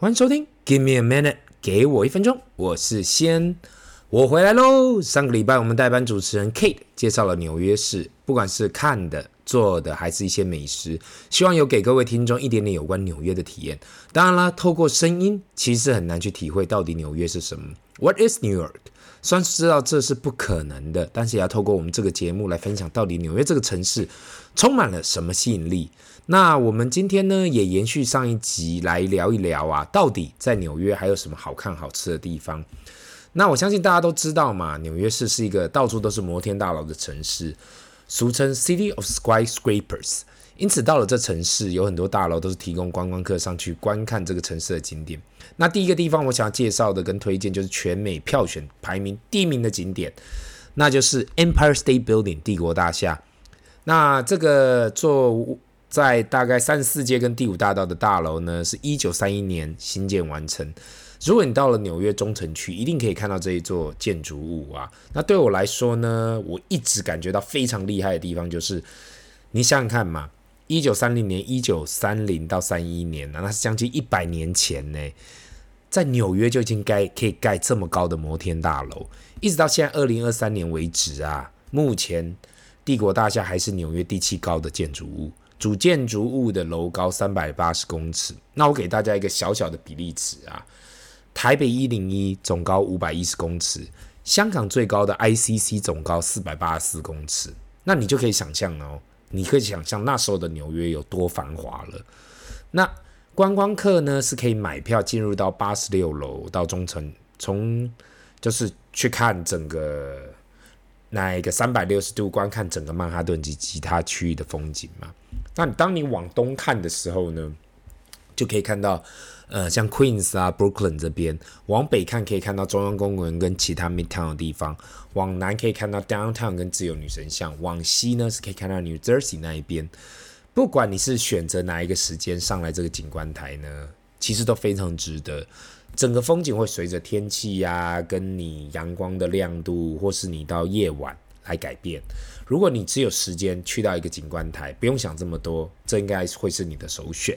歡迎收聽 Give me a minute，給我一分鐘。我是先，我回來嘍。上個禮拜我們代班主持人 Kate 介紹了紐約市，不管是看的、做的，還是一些美食，希望有給各位聽眾一點點有關紐約的體驗。當然啦，透過聲音其實很難去體會到底紐約是什麼。What is New York？雖然知道這是不可能的，但是也要透過我們這個節目來分享到底紐約這個城市充滿了什麼吸引力。那我們今天呢，也延續上一集來聊一聊啊，到底在紐約還有什麼好看好吃的地方。那我相信大家都知道嘛，紐約市是一個到處都是摩天大樓的城市，俗稱 City of Skyscrapers。因此，到了這城市，有很多大樓都是提供觀光客上去觀看這個城市的景點。那第一個地方，我想要介紹的跟推薦，就是全美票選排名第一名的景點，那就是 Empire State Building（ 帝國大廈）。那這個座在大概三十四街跟第五大道的大樓呢，是一九三一年興建完成。如果你到了紐約中城區，一定可以看到這一座建築物啊。那對我來說呢，我一直感覺到非常厲害的地方，就是你想想看嘛。一九三零年，一九三零到三一年，那是將近一百年前呢，在紐約就已經蓋可以蓋這麼高的摩天大樓，一直到現在二零二三年為止啊，目前帝國大廈還是紐約第七高的建築物，主建築物的樓高三百八十公尺。那我給大家一個小小的比例尺啊，台北一零一總高五百一十公尺，香港最高的 ICC 總高四百八十四公尺，那你就可以想象哦。你可以想象那時候的紐約有多繁華了。那觀光客呢，是可以買票進入到八十六樓到中城，從就是去看整個那一個三百六十度觀看整個曼哈頓及其他區域的風景嘛。那你當你往東看的時候呢，就可以看到，呃，像 Queens 啊、Brooklyn 這邊，往北看可以看到中央公園跟其他 Midtown 的地方；往南可以看到 Downtown 跟自由女神像；往西呢是可以看到 New Jersey 那一邊。不管你是選擇哪一個時間上來這個景觀台呢，其實都非常值得。整個風景會隨着天氣呀、啊，跟你陽光的亮度，或是你到夜晚來改變。如果你只有時間去到一個景觀台，不用想這麼多，這應該會是你的首選。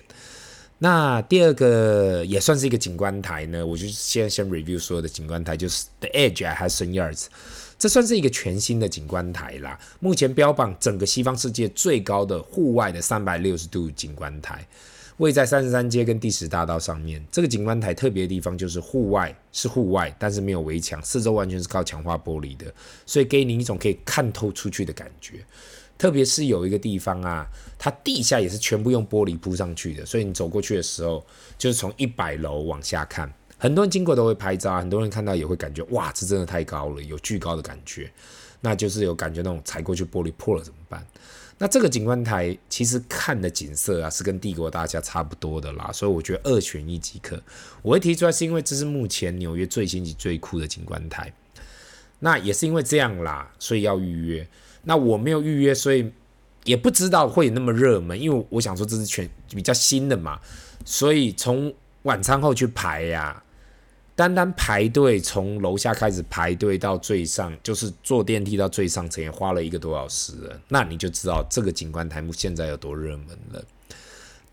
那第二個也算是一個景觀台呢，我就先先 review 所有的景觀台，就是 The Edge at Hudson Yards，這算是一個全新的景觀台啦。目前標榜整個西方世界最高的戶外的三百六十度景觀台，位在三十三街跟第十大道上面。這個景觀台特別的地方就是戶外是戶外，但是沒有圍牆，四周完全是靠強化玻璃的，所以給你一種可以看透出去的感覺。特別是有一個地方啊，它地下也是全部用玻璃鋪上去的，所以你走過去的時候，就是從一百樓往下看，很多人經過都會拍照，啊，很多人看到也會感覺哇，這真的太高了，有巨高的感覺，那就是有感覺那種踩過去玻璃破了怎麼辦？那這個景觀台其實看的景色啊，是跟帝國大廈差不多的啦，所以我覺得二選一即可。我會提出來是因為這是目前紐約最新奇最酷的景觀台，那也是因為這樣啦，所以要預約。那我沒有預約，所以也不知道會有那麼熱門，因為我想說這是全比較新的嘛，所以從晚餐後去排呀、啊，單單排隊從樓下開始排隊到最上，就是坐電梯到最上層也花了一個多小時了，那你就知道這個景觀台幕現在有多熱門了。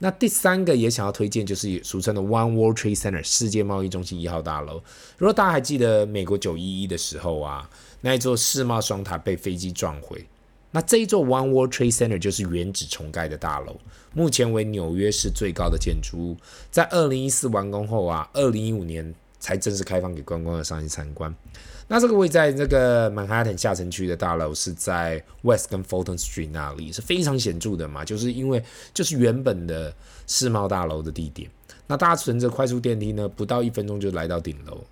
那第三個也想要推薦，就是俗稱的 One World Trade Center 世界貿易中心一號大樓。如果大家還記得美國九一一的時候啊，那一座世貿雙塔被飛機撞毀，那這一座 One World Trade Center 就是原址重蓋的大樓，目前為紐約市最高的建築物。在二零一四完工後啊，二零一五年才正式開放給觀光的商業參觀。那這個位在那個曼哈頓下城區的大樓是在 West 跟 Fulton Street 那裡是非常顯著的嘛？就是因為就是原本的世貿大樓的地點。那大家乘着快速電梯呢，不到一分鐘就來到頂樓。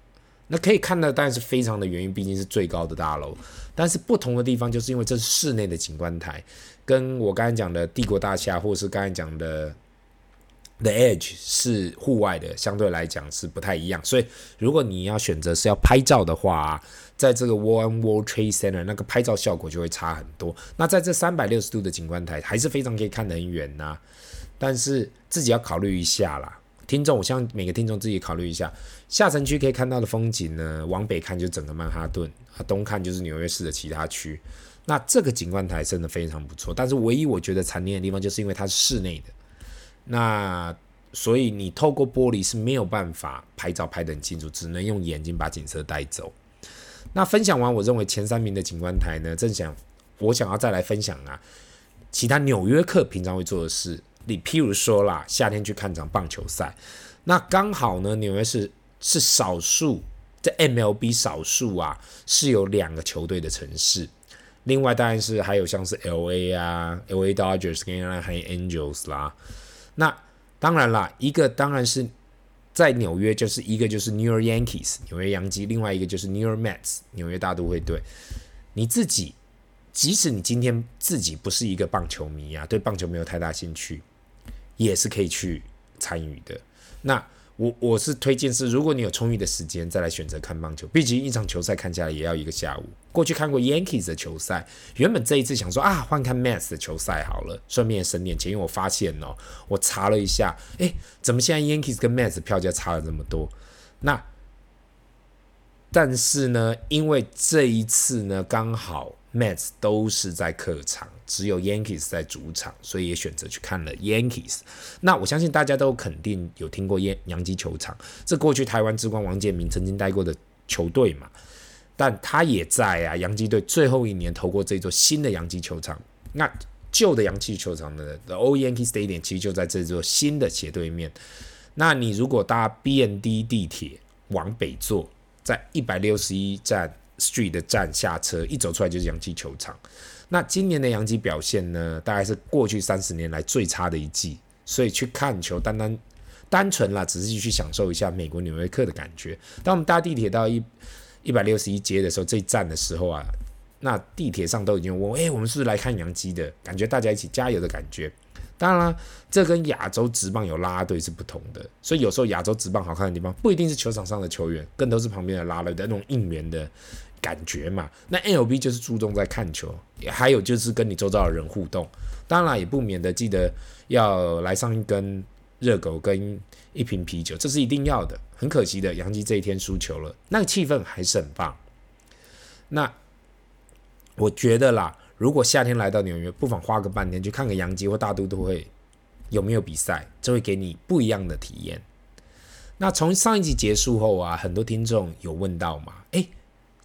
那可以看到，當然是非常的遠，畢竟是最高的大樓。但是不同的地方，就是因為這是室內的景觀台，跟我剛才講的帝國大廈，或者是剛才講的。The Edge 是戶外的，相對來講是不太一樣。所以，如果你要選擇是要拍照的話啊，在這個 One World Trade Center 那個拍照效果就會差很多。那在這三百六十度的景觀台還是非常可以看得很遠吶啊。但是自己要考慮一下啦，聽眾，我向每個聽眾自己考慮一下。下城區可以看到的風景呢，往北看就整個曼哈頓，啊，東看就是紐約市的其他區。那這個景觀台真的非常不錯，但是唯一我覺得殘念的地方，就是因為它是室內的。那所以你透過玻璃是沒有辦法拍照拍得很清楚，只能用眼睛把景色帶走。那分享完，我認為前三名的景觀台，呢，正想我想要再來分享啊。其他紐約客平常會做的事，你譬如說啦，夏天去看場棒球賽，那剛好呢，紐約是是少數在 MLB 少數啊是有兩個球隊的城市，另外當然是還有像是 LA 啊，LA Dodgers 跟還有 Angels 啦。那當然啦，一個當然是在紐約，就是一個就是 New York Yankees 紐約洋基，另外一個就是 New York Mets 紐約大都會隊。你自己即使你今天自己不是一個棒球迷啊，對棒球沒有太大興趣，也是可以去參與的。那。我我是推薦是，如果你有充裕的時間，再來選擇看棒球。畢竟一場球賽看下來也要一個下午。過去看過 Yankees 的球賽，原本這一次想說啊，換看 Mets 的球賽好了，順便省點錢。因為我發現哦，我查了一下，欸，怎麼現在 Yankees 跟 Mets 票價差了這麼多？那但是呢，因為這一次呢，剛好。Mets 都是在客場，只有 Yankees 在主場，所以也選擇去看了 Yankees。那我相信大家都肯定有聽過揚基球場，這過去臺灣之光王建民曾經帶過的球隊嘛。但他也在啊，洋基隊最後一年投過這座新的揚基球場。那舊的揚基球場的的 Old Yankee Stadium 其實就在這座新的斜對面。那你如果搭 BND 地鐵往北坐，在一百六十一站 Street 的站下車，一走出來就是洋基球場。那今年的洋基表現呢，大概是過去三十年來最差的一季，所以去看球單單，單單單純啦，只是去享受一下美國紐約客的感覺。當我們搭地鐵到一一百六十一街的時候，這一站的時候啊，那地鐵上都已經問，誒、欸，我們是不是來看洋基的？感覺大家一起加油的感覺。當然啦，這跟亞洲職棒有拉拉隊是不同的，所以有時候亞洲職棒好看的地方，不一定是球場上的球員，更多是旁邊的拉拉隊的那種應援的。感覺嘛，那 MLB 就是注重在看球，還有就是跟你周遭的人互動，當然也不免的記得要來上一根熱狗跟一瓶啤酒，這是一定要的。很可惜的，洋基這一天輸球了，那個氣氛還是很棒。那我覺得啦，如果夏天來到紐約，不妨花個半天去看看洋基或大都會有沒有比賽，這會給你不一樣的體驗。那從上一集結束後啊，很多聽眾有問到嘛，誒。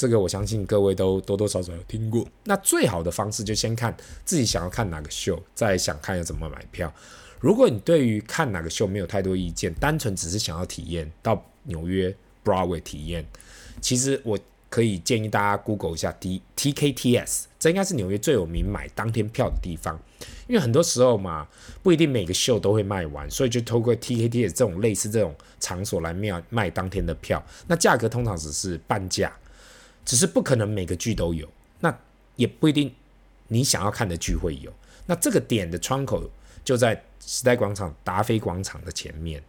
這個我相信各位都多多少少有聽過。那最好的方式就先看自己想要看哪個秀，再想看要怎麼買票。如果你對於看哪個秀沒有太多意見，單純只是想要體驗到紐約 Broadway 體驗，其實我可以建議大家 Google 一下 TKTS，這應該是紐約最有名買當天票的地方。因為很多時候嘛，不一定每個秀都會賣完，所以就透過 TKTS 這種類似這種場所來賣賣當天的票。那價格通常只是半價。只是不可能每個劇都有，那也不一定你想要看的劇會有。那這個點的窗口就在時代廣場、達菲廣場的前面。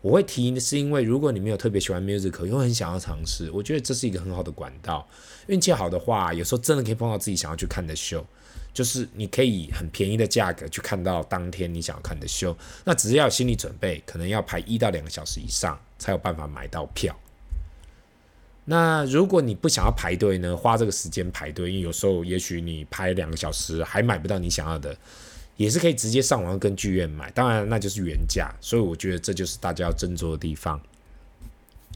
我會提的是因為，如果你沒有特別喜歡 music，又很想要嘗試，我覺得這是一個很好的管道。運氣好的話，有時候真的可以碰到自己想要去看的秀，就是你可以以很便宜的價格去看到當天你想要看的秀。那只要有心理準備，可能要排一到兩個小時以上才有辦法買到票。那如果你不想要排隊呢，花這個時間排隊，因為有時候也許你排兩個小時還買不到你想要的，也是可以直接上網跟劇院買，當然那就是原價，所以我覺得這就是大家要斟酌的地方。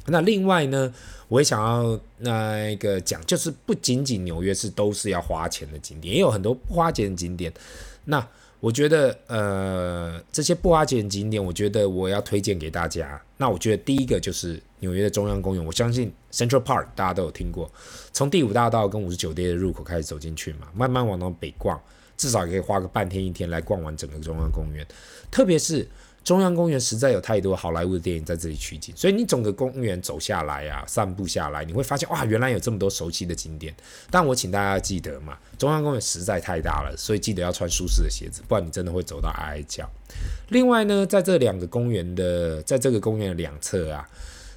那另外呢，我也想要那個講，就是不僅僅紐約市都是要花錢的景點，也有很多不花錢的景點。那我覺得，呃，這些不花錢的景點，我覺得我要推薦給大家。那我覺得第一個就是紐約的中央公園，我相信 Central Park 大家都有聽過。從第五大道跟五十九街的入口開始走進去嘛，慢慢往東北逛，至少也可以花個半天一天來逛完整個中央公園，特別是。中央公園實在有太多好萊塢的電影在這裡取景，所以你整個公園走下來啊，散步下來，你會發現哇，原來有這麼多熟悉的景點。但我請大家記得嘛，中央公園實在太大了，所以記得要穿舒適的鞋子，不然你真的會走到哀哀叫。另外呢，在這兩個公園的，在這個公園的兩側啊，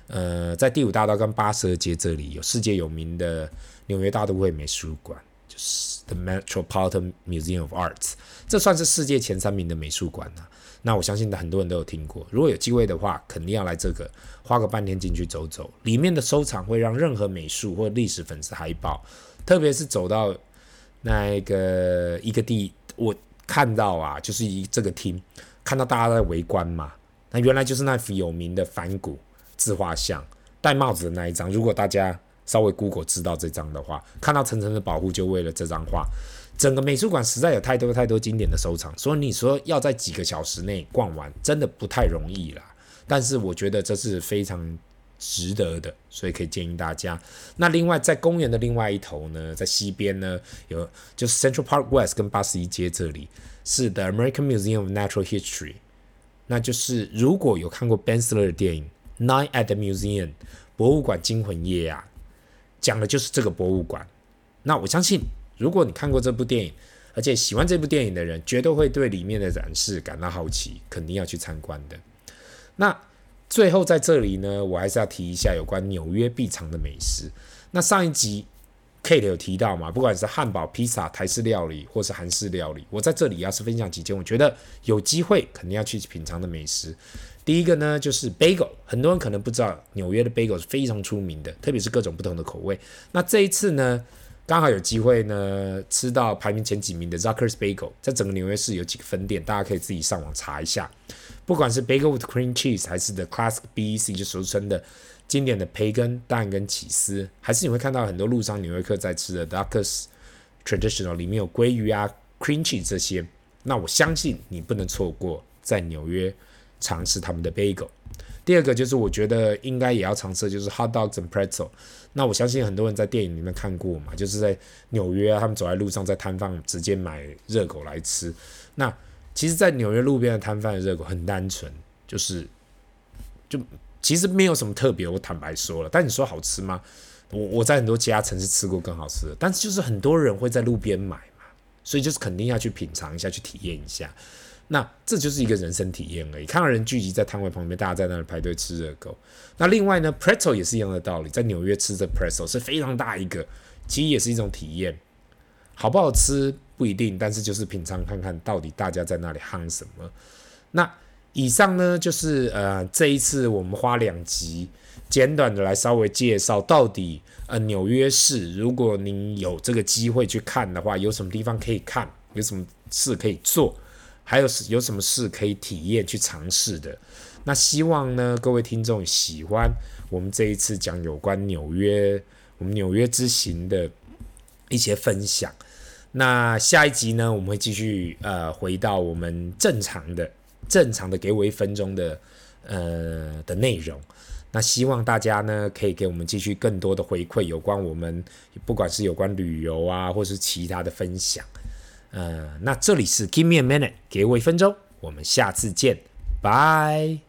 呃，在第五大道跟八十二街這裡有世界有名的紐約大都會美術館。就是 The Metropolitan Museum of Arts，這算是世界前三名的美術館了啊。那我相信很多人都有聽過，如果有機會的話，肯定要來這個，花個半天進去走走。裡面的收藏會讓任何美術或歷史粉絲嗨爆。特別是走到那個一個地，我看到啊，就是一這個廳，看到大家在圍觀嘛。那原來就是那幅有名的梵谷自畫像，戴帽子的那一張。如果大家稍微 Google 知道，這張的話，看到層層的保護，就為了這張畫。整個美術館實在有太多太多經典的收藏，所以你說要在幾個小時內逛完，真的不太容易啦。但是我覺得這是非常值得的，所以可以建議大家。那另外在公園的另外一頭呢，在西邊呢，有就是 Central Park West 跟八十一街這裡，是 The American Museum of Natural History。那就是如果有看過 Ben Stiller 的電影《Night at the Museum》博物館驚魂夜啊。講的就是這個博物館。那我相信，如果你看過這部電影，而且喜歡這部電影的人，絕對會對裡面的展示感到好奇，肯定要去參觀的。那最後在這裡呢，我還是要提一下有關紐約必嚐的美食。那上一集 Kate 有提到嘛，不管是漢堡、披薩、台式料理，或是韓式料理，我在這裡要是分享幾件我覺得有機會肯定要去品嚐的美食。第一個呢，就是 bagel，很多人可能不知道，紐約的 bagel 是非常出名的，特別是各種不同的口味。那這一次呢，剛好有機會呢，吃到排名前幾名的 Zucker's Bagel，在整個紐約市有幾個分店，大家可以自己上網查一下。不管是 bagel with cream cheese，還是 the classic BEC 就俗稱的經典的培根蛋跟起司，還是你會看到很多路上紐約客在吃的 Zucker's Traditional，裡面有鮭魚啊、cream cheese 這些，那我相信你不能錯過在紐約嘗試他們的 bagel，第二個就是我覺得應該也要嘗試，就是 hot dogs and pretzel。那我相信很多人在電影裡面看過嘛，就是在紐約啊，他們走在路上，在攤販直接買熱狗來吃。那其實，在紐約路邊的攤販的熱狗很單純，就是就其實沒有什麼特別。我坦白說了，但你說好吃嗎？我我在很多其他城市吃過更好吃的，但是就是很多人會在路邊買嘛，所以就是肯定要去品嘗一下，去體驗一下。那這就是一個人生體驗而已，看到人聚集在攤位旁邊，大家在那裡排隊吃熱狗。那另外呢，pretzel 也是一樣的道理，在紐約吃這 pretzel 是非常大一個，其實也是一種體驗。好不好吃不一定，但是就是品嘗看看到底大家在那裡夯什麼。那以上呢，就是呃這一次我們花兩集簡短的來稍微介紹到底呃紐約市，如果您有這個機會去看的話，有什麼地方可以看，有什麼事可以做。還有有什麼事可以體驗去嘗試的？那希望呢，各位聽眾喜歡我們這一次講有關紐約，我們紐約之行的一些分享。那下一集呢，我們會繼續呃回到我們正常的正常的給我一分鐘的呃的內容。那希望大家呢可以給我們繼續更多的回饋，有關我們不管是有關旅遊啊，或是其他的分享。呃，那這裡是 Give me a minute，給我一分鐘，我們下次見，拜。